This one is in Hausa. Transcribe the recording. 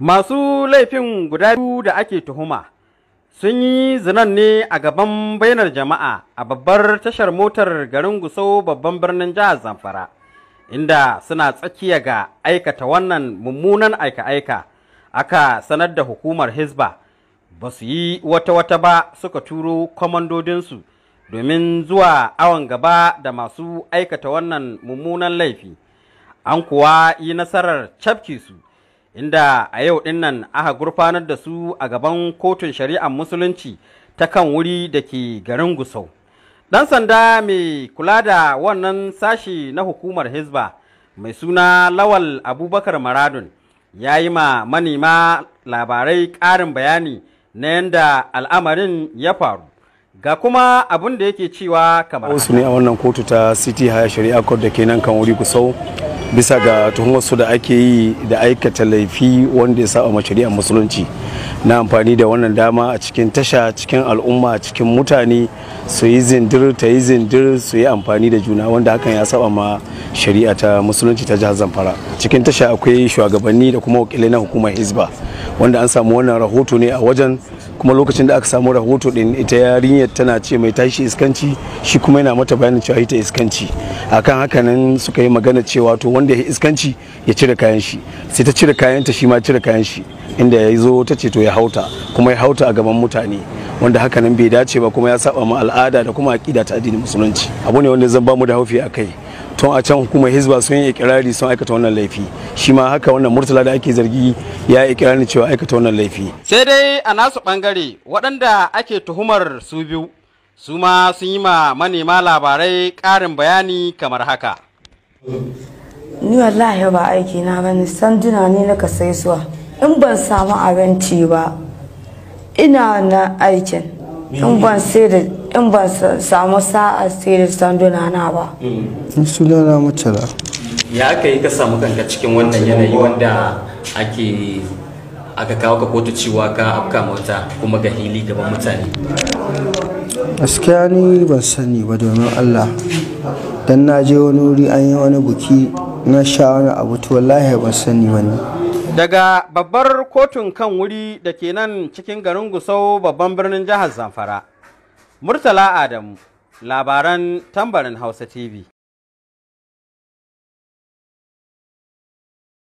Masu laifin guda biyu da ake tuhuma sun yi zinan ne a gaban bainar jama'a a babbar tashar motar garin Gusau babban birnin jihar Zamfara, inda suna tsakiya ga aikata wannan mummunan aika-aika aka sanar da hukumar hisba, ba su yi wata-wata ba suka turo kwamandodinsu domin zuwa awon gaba da masu aikata wannan mummunan laifi, an kuwa yi nasarar cafke su. inda a yau dinnan aka gurfanar da su a gaban kotun shari'ar musulunci ta kan wuri da ke garin Gusau. Ɗan sanda mai kula da wannan sashi na hukumar Hizba mai suna Lawal Abubakar Maradun ya yi ma manema labarai ƙarin bayani na yadda al'amarin ya faru. Ga kuma abin da yake cewa kamar. Wasu ne a wannan kotu ta City Haya Shari'a Court da ke nan kan wuri Gusau bisa ga tuhumarsu da ake yi da aikata laifi wanda ya saba shari'ar musulunci na amfani da wannan dama a cikin tasha cikin al'umma cikin mutane su yi zindir ta yi zindir su yi amfani da juna wanda hakan ya saba ma shari'a ta musulunci ta jihar zamfara cikin tasha akwai shugabanni da kuma wakilai na hukumar hizba wanda an samu wannan rahoto ne a wajen kuma lokacin da aka samu rahoto din ita yarinyar tana ce mai tashi iskanci shi kuma yana mata bayanin cewa ita iskanci akan haka nan suka yi magana cewa to wanda ya iskanci ya cire kayan shi sai ta cire kayan ta shi ma cire kayan shi inda ya zo ta ce to ya hauta kuma ya hauta a gaban mutane wanda haka nan bai dace ba kuma ya saba mu al'ada da kuma aƙida ta addinin musulunci abu ne wanda zan ba mu da haufi a kai tun a can hukumar hizba sun yi ikirari sun aikata wannan laifi shi ma haka wannan murtala da ake zargi ya yi ikirarin cewa aikata wannan laifi sai dai a nasu bangare waɗanda ake tuhumar su biyu su ma sun yi ma manema labarai ƙarin bayani kamar haka ni wallahi ba aiki na bane sanduna ne na ka sai suwa in ban samu abinci ba ina na aikin in ban sai da in ba samu sa'a sai da sanduna na ba sunana da. ya aka yi ka samu kanka cikin wannan yanayi wanda ake aka kawo ka kotu cewa ka afka mota kuma ga hili gaban mutane gaskiya ni ban sani ba domin allah dan na je wani wuri an yi wani buki na sha wani abu to wallahi ban sani ba daga babbar kotun kan wuri da ke nan cikin garin gusau babban birnin jihar zamfara Murtala Adamu, labaran tambarin Hausa TV.